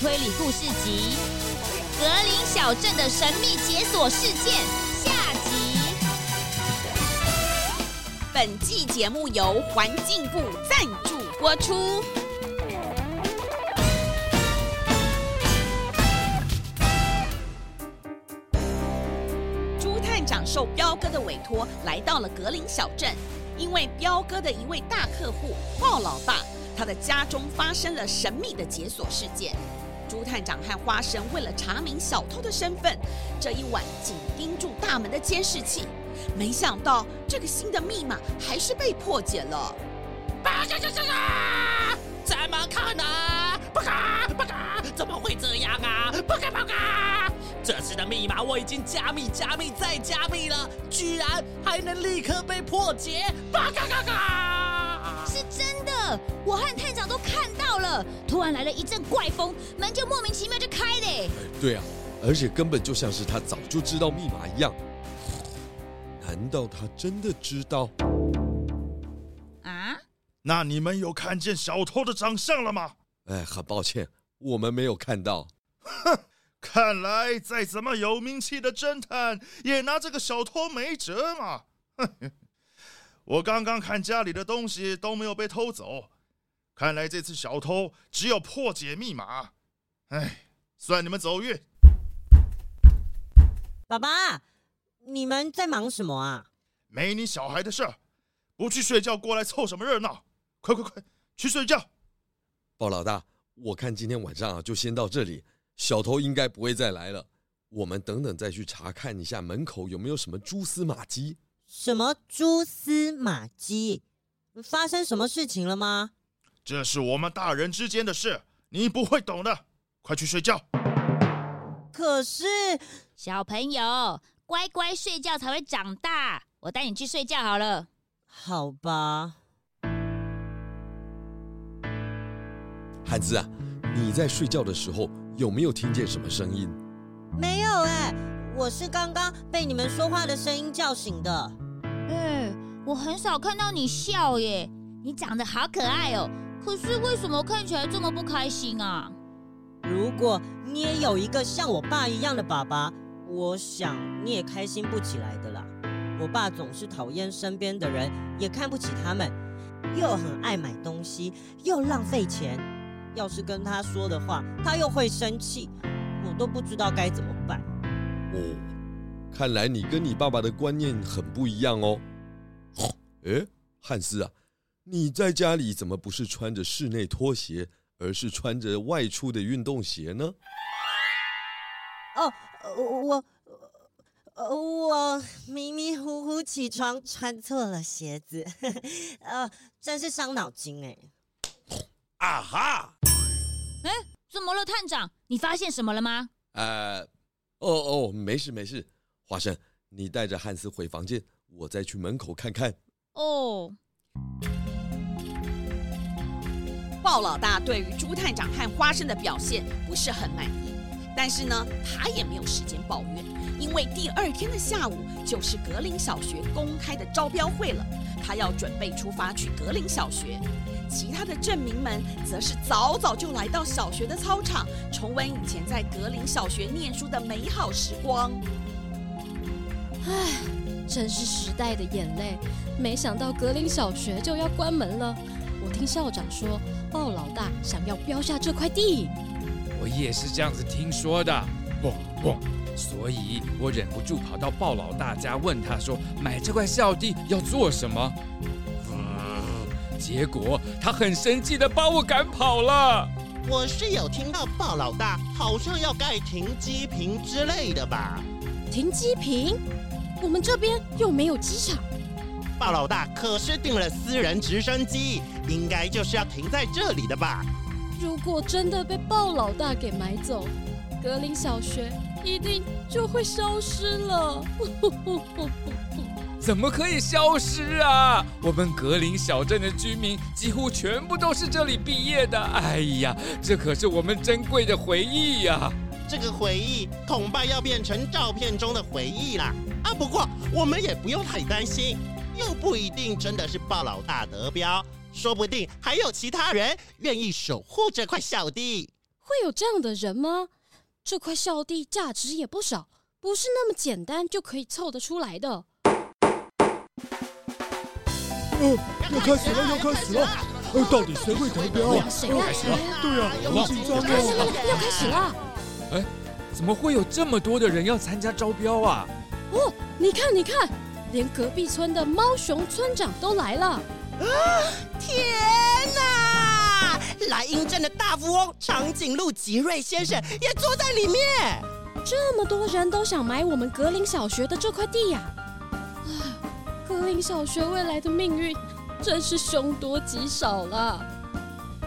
推理故事集《格林小鎮的神秘解鎖事件》下集。本季節目由環境部贊助播出。豬探長受飆哥的委託來到了格林小鎮，因為飆哥的一位大客戶豹老大，他的家中發生了神秘的解鎖事件。豬探長和花生為了查明小偷的身份，這一晚緊盯住大門的監視器，沒想到這個新的密碼還是被破解了。怎麼看呢？怎麼會這樣啊？不不，這次的密碼我已經加密加密再加密了，居然還能立刻被破解！是真的，我和探長都看到。突然來了一陣怪風，門就莫名其妙就開了。哎，對啊，而且根本就像是他早就知道密碼一樣。難道他真的知道？啊？那你們有看見小偷的長相了嗎？哎，很抱歉，我們沒有看到。哼，看來再怎麼有名氣的偵探，也拿這個小偷沒轍嘛。哼哼，我剛剛看家裡的東西都沒有被偷走。看來這次小偷只有破解密碼，哎，算你們走運。爸爸，你們在忙什麼啊？沒你小孩的事兒，不去睡覺，過來湊什麼熱鬧？快快快，去睡覺！豹老大，我看今天晚上啊，就先到這裡，小偷應該不會再來了。我們等等再去查看一下門口有沒有什麼蛛絲馬跡。什麼蛛絲馬跡？發生什麼事情了嗎？這是我們大人之間的事，你不會懂的。快去睡覺。可是，小朋友，乖乖睡覺才會長大。我帶你去睡覺好了。好吧。孩子啊，你在睡覺的時候，有沒有聽見什麼聲音？沒有哎、欸，我是剛剛被你們說話的聲音叫醒的。嗯，我很少看到你笑耶，你長得好可愛哦。可是為什麼看起來這麼不開心啊？如果你也有一個像我爸一樣的爸爸，我想你也開心不起來的啦。我爸總是討厭身邊的人，也看不起他們，又很愛買東西，又浪費錢。要是跟他說的話，他又會生氣，我都不知道該怎麼辦。哦，看來你跟你爸爸的觀念很不一樣哦。誒，哎，漢斯啊。你在家裡怎麼不是穿着室內拖鞋，而是穿着外出的運動鞋呢？哦，我我迷迷糊糊起床穿錯了鞋子，呵呵，呃、真是傷腦筋，哎、欸。啊哈！哎，怎麼了探長，你發現什麼了嗎？呃、哦哦，沒事沒事。華生，你帶着漢斯回房間，我再去門口看看。哦。鮑老大對於朱探長和花生的表現不是很滿意，但是呢，他也沒有時間抱怨，因為第二天的下午就是格林小學公開的招標會了，他要準備出發去格林小學。其他的鎮民們則是早早就來到小學的操場，重溫以前在格林小學念書的美好時光。唉，真是時代的眼淚，沒想到格林小學就要關門了。我聽校長說，豹老大想要標下這塊地，我也是這樣子聽說的。哦哦、所以，我忍不住跑到豹老大家問他說，買這塊校地要做什麼？啊、結果他很生氣的把我趕跑了。我是有聽到豹老大好像要蓋停機坪之類的吧？停機坪？我們這邊又沒有機場。豹老大可是訂了私人直升機，應該就是要停在這裡的吧？如果真的被豹老大給買走，格林小學一定就會消失了。 怎麼可以消失啊？我們格林小鎮的居民幾乎全部都是這裡畢業的。哎呀，這可是我們珍貴的回憶呀！啊，這個回憶恐怕要變成照片中的回憶啦。啊，不過我們也不用太擔心。又不一定真的是豹老大得標，說不定還有其他人願意守護這塊小地。會有這樣的人嗎？這塊小地價值也不少，不是那麼簡單就可以湊得出來的。哦，要開始了，要開始了！哦、到底誰會得標啊？哦、誰，會標啊，誰啊？對呀，啊，我緊張啊！要開始了！哎，怎麼會有這麼多的人要參加招標啊？哦，你看，你看。連隔壁村的貓熊村長都來了，啊！天哪！萊茵鎮的大富翁長頸鹿吉瑞先生也坐在裡面。這麼多人都想買我們格林小學的這塊地呀！啊，格林小學未來的命運真是凶多吉少了。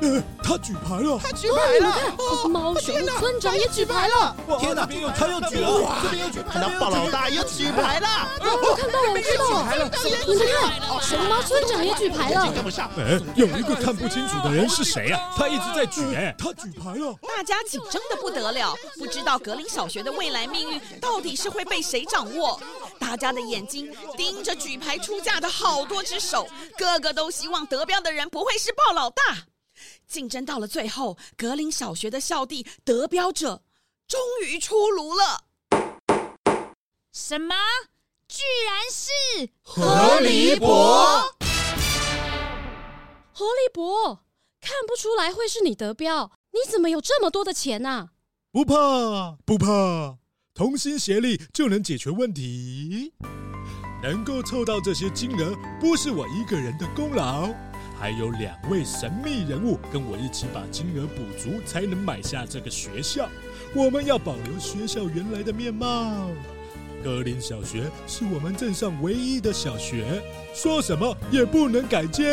呃，他舉牌了，他舉牌了，貓熊村長也舉牌了，天哪！他要舉了，這邊舉，豹老大也舉牌了，我看到我看到了，你們看，熊貓村長也舉牌了，哎，有一個看不清楚的人是誰啊？他一直在舉，他舉牌了，大家緊張的不得了，不知道格林小學的未來命運到底是會被誰掌握？大家的眼睛盯着舉牌出價的好多只手，個個都希望得標的人不會是豹老大。競爭到了最後，格林小學的校地得標者終於出爐了。什麼？居然是何立博！何立博，看不出來會是你得標，你怎麼有這麼多的錢啊？不怕不怕，同心協力就能解決問題。能夠湊到這些金額，不是我一個人的功勞。還有兩位神秘人物跟我一起把金額補足，才能買下這個學校。我們要保留學校原來的面貌。格林小學是我們鎮上唯一的小學，說什麼也不能改建。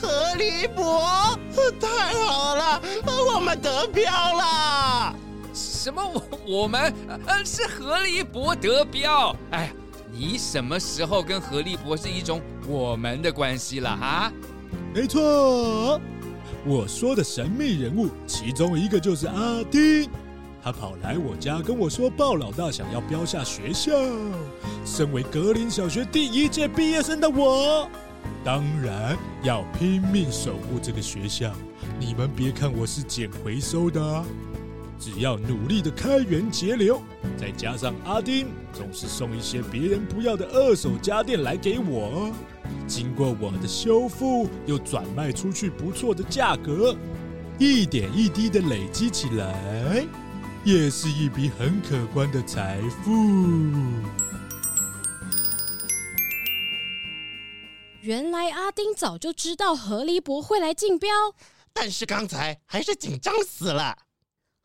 何離博，太好了，我們得標了。什麼？我我們？呃，是何離博得標。哎。你什麼時候跟何立博是一種我們的關係了哈？沒錯，我說的神秘人物，其中一個就是阿丁。他跑來我家跟我說，豹老大想要標下學校。身為格林小學第一屆畢業生的我，當然要拼命守護這個學校。你們別看我是撿回收的啊。只要努力的開源節流，再加上阿丁總是送一些別人不要的二手家電來給我，經過我的修復又轉賣出去不錯的價格，一點一滴的累積起來，也是一筆很可觀的財富。原來阿丁早就知道何立博會來競標，但是剛才還是緊張死了。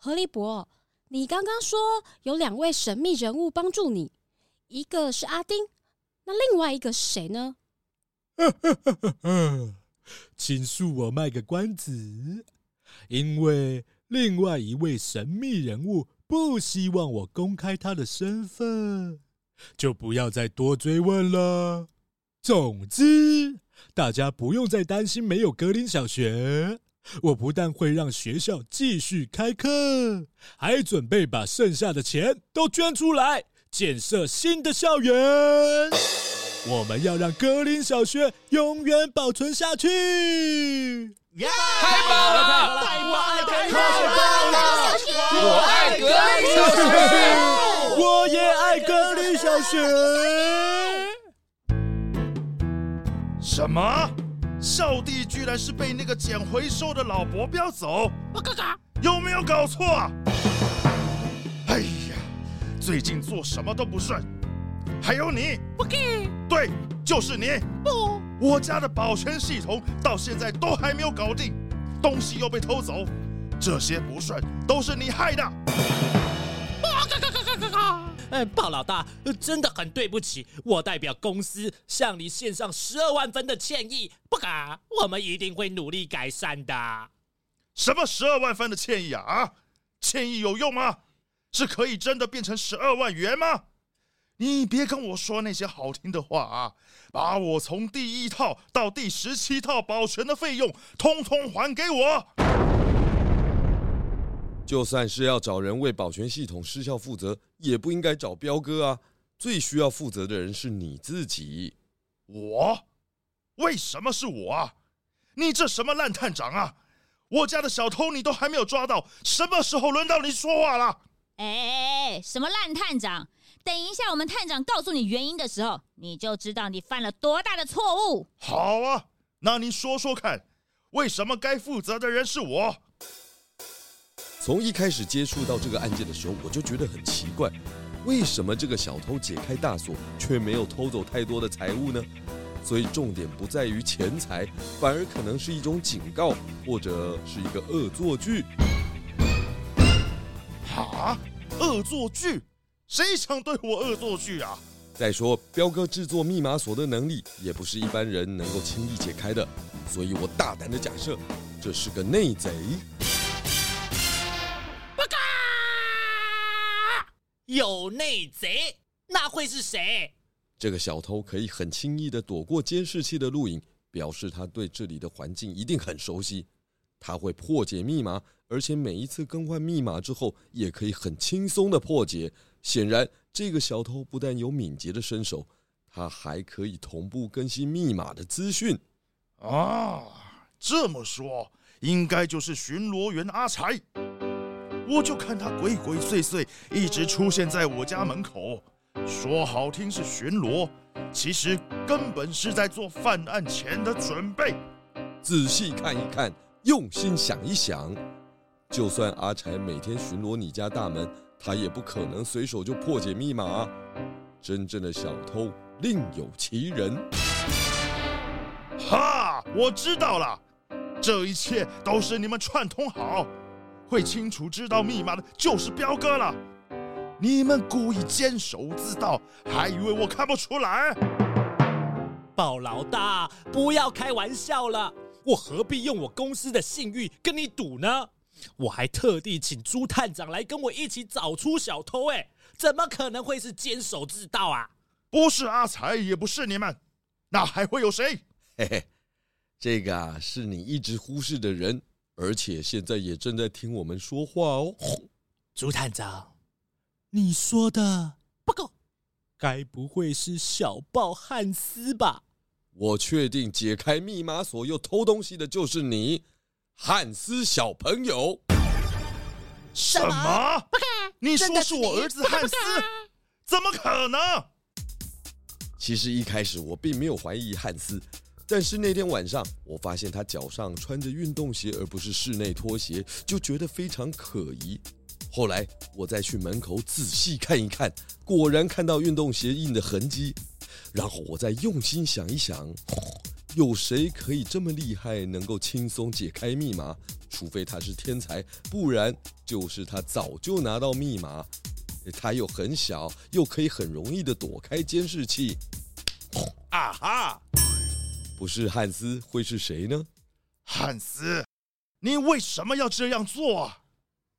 何立博，你剛剛說有兩位神秘人物幫助你，一個是阿丁，那另外一個是誰呢？呵呵呵，請恕我賣個關子，因為另外一位神秘人物不希望我公開他的身份，就不要再多追問了。總之，大家不用再擔心沒有格林小學。我不但會讓學校繼續開課，還準備把剩下的錢都捐出來建設新的校園。我們要讓格林小學永遠保存下去！開吧，開吧，開吧！我愛格林小學，我也愛格林小學。什麼？少帝居然是被那個撿回收的老伯飆走，我靠！有沒有搞錯啊？哎呀，最近做什麼都不順，還有你，不給，對，就是你，不，我家的保全系統到現在都還沒有搞定，東西又被偷走，這些不順都是你害的。哎，豹老大、呃，真的很對不起，我代表公司向你獻上十二萬分的歉意。不敢，我們一定會努力改善的。什麼十二萬分的歉意啊啊！歉意有用嗎？是可以真的變成十二萬元嗎？你別跟我說那些好聽的話啊！把我從第一套到第十七套保全的費用，統統還給我！ 就算是要找人為保全系統失效負責，也不應該找飆哥啊！最需要負責的人是你自己。我？為什麼是我啊？你這什麼爛探長啊！我家的小偷你都還沒有抓到，什麼時候輪到你說話了？哎，哎，哎，什麼爛探長！等一下，我們探長告訴你原因的時候，你就知道你犯了多大的錯誤。好啊，那你說說看，為什麼該負責的人是我？從一開始接觸到這個案件的時候，我就覺得很奇怪，為什麼這個小偷解開大鎖卻沒有偷走太多的財物呢？所以重點不在於錢財，反而可能是一種警告或者是一個惡作劇。哈，惡作劇？誰想對我惡作劇啊？再說，飆哥制作密碼鎖的能力也不是一般人能夠輕易解開的，所以我大膽的假設，這是個內賊。有內賊，那會是誰？這個小偷可以很輕易地躲過監視器的錄影，表示他對這裡的環境一定很熟悉。他會破解密碼，而且每一次更換密碼之後，也可以很輕鬆地破解。顯然，這個小偷不但有敏捷的身手，他還可以同步更新密碼的資訊。啊，這麼說，應該就是巡邏員阿才。我就看他鬼鬼祟祟，一直出現在我家門口，說好聽是巡邏，其實根本是在做犯案前的準備。仔細看一看，用心想一想，就算阿柴每天巡邏你家大門，他也不可能隨手就破解密碼。真正的小偷另有其人。哈，我知道了，這一切都是你們串通好。會清楚知道密碼的就是飆哥了。你們故意監守自盜，還以為我看不出來？豹老大，不要開玩笑了。我何必用我公司的信譽跟你賭呢？我還特地請豬探長來跟我一起找出小偷。欸，哎，怎麼可能會是監守自盜啊？不是阿財，也不是你們，那還會有誰？嘿嘿，這個啊，是你一直忽視的人。而且現在也正在聽我們說話哦，豬探長，你說的不夠，該不會是小豹漢斯吧？我確定解開密碼鎖又偷東西的就是你，漢斯小朋友。什麼？你說是我兒子漢斯？怎麼可能？其實一開始我並沒有懷疑漢斯。但是那天晚上，我發現他腳上穿着運動鞋，而不是室內拖鞋，就覺得非常可疑。後來我再去門口仔細看一看，果然看到運動鞋印的痕跡。然後我再用心想一想，有誰可以這麼厲害，能夠輕鬆解開密碼？除非他是天才，不然就是他早就拿到密碼。他又很小，又可以很容易的躲開監視器。啊哈！不是漢斯會是誰呢？漢斯，你為什麼要這樣做？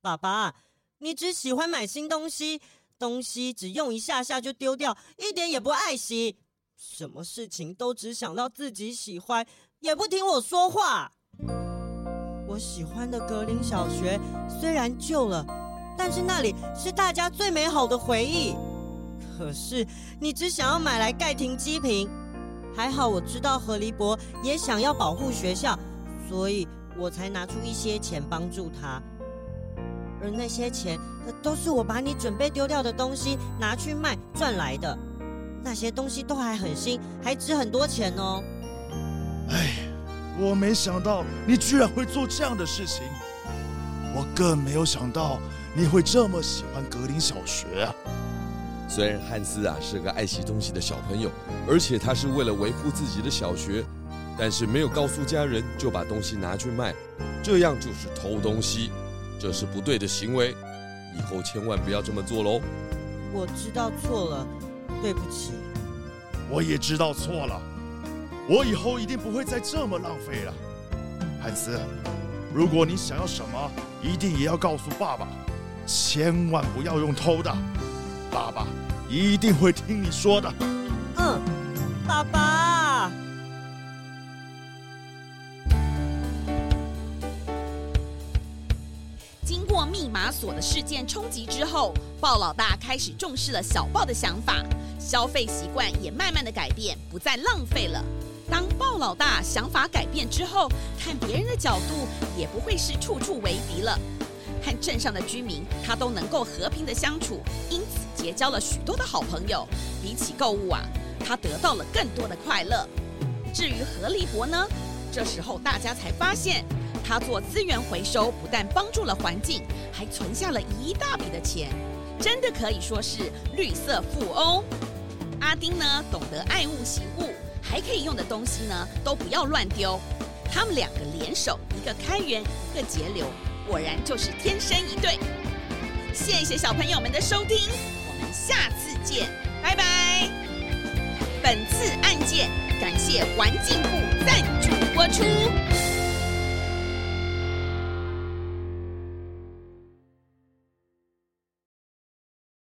爸爸，你只喜歡買新東西，東西只用一下下就丟掉，一點也不愛惜，什麼事情都只想到自己喜歡，也不聽我說話。我喜歡的格林小學雖然舊了，但是那裡是大家最美好的回憶。可是你只想要買來蓋停機坪。還好我知道何立博也想要保護學校，所以我才拿出一些錢幫助他。而那些錢，呃，都是我把你準備丟掉的東西拿去賣賺來的。那些東西都還很新，還值很多錢哦。哎，我沒想到你居然會做這樣的事情，我更沒有想到你會這麼喜歡格林小學啊。雖然漢斯啊是個愛惜東西的小朋友，而且他是為了維護自己的小學，但是沒有告訴家人就把東西拿去賣，這樣就是偷東西，這是不對的行為，以後千萬不要這麼做嘍。我知道錯了，對不起。我也知道錯了，我以後一定不會再這麼浪費了。漢斯，如果你想要什麼，一定也要告訴爸爸，千萬不要用偷的。爸爸一定會聽你說的。嗯，爸爸。經過密碼鎖的事件衝擊之後，豹老大開始重視了小豹的想法，消費習慣也慢慢的改變，不再浪費了。當豹老大想法改變之後，看別人的角度也不會是處處為敵了。和鎮上的居民，他都能夠和平的相處，因此結交了許多的好朋友。比起購物啊，他得到了更多的快樂。至於何立博呢？這時候大家才發現，他做資源回收，不但幫助了環境，還存下了一大筆的錢，真的可以說是綠色富翁。阿丁呢，懂得愛物惜物，還可以用的東西呢，都不要亂丟。他們兩個聯手，一個開源，一個節流。果然就是天生一對，謝謝小朋友們的收聽，我們下次見，拜拜。本次案件感謝環境部贊助播出。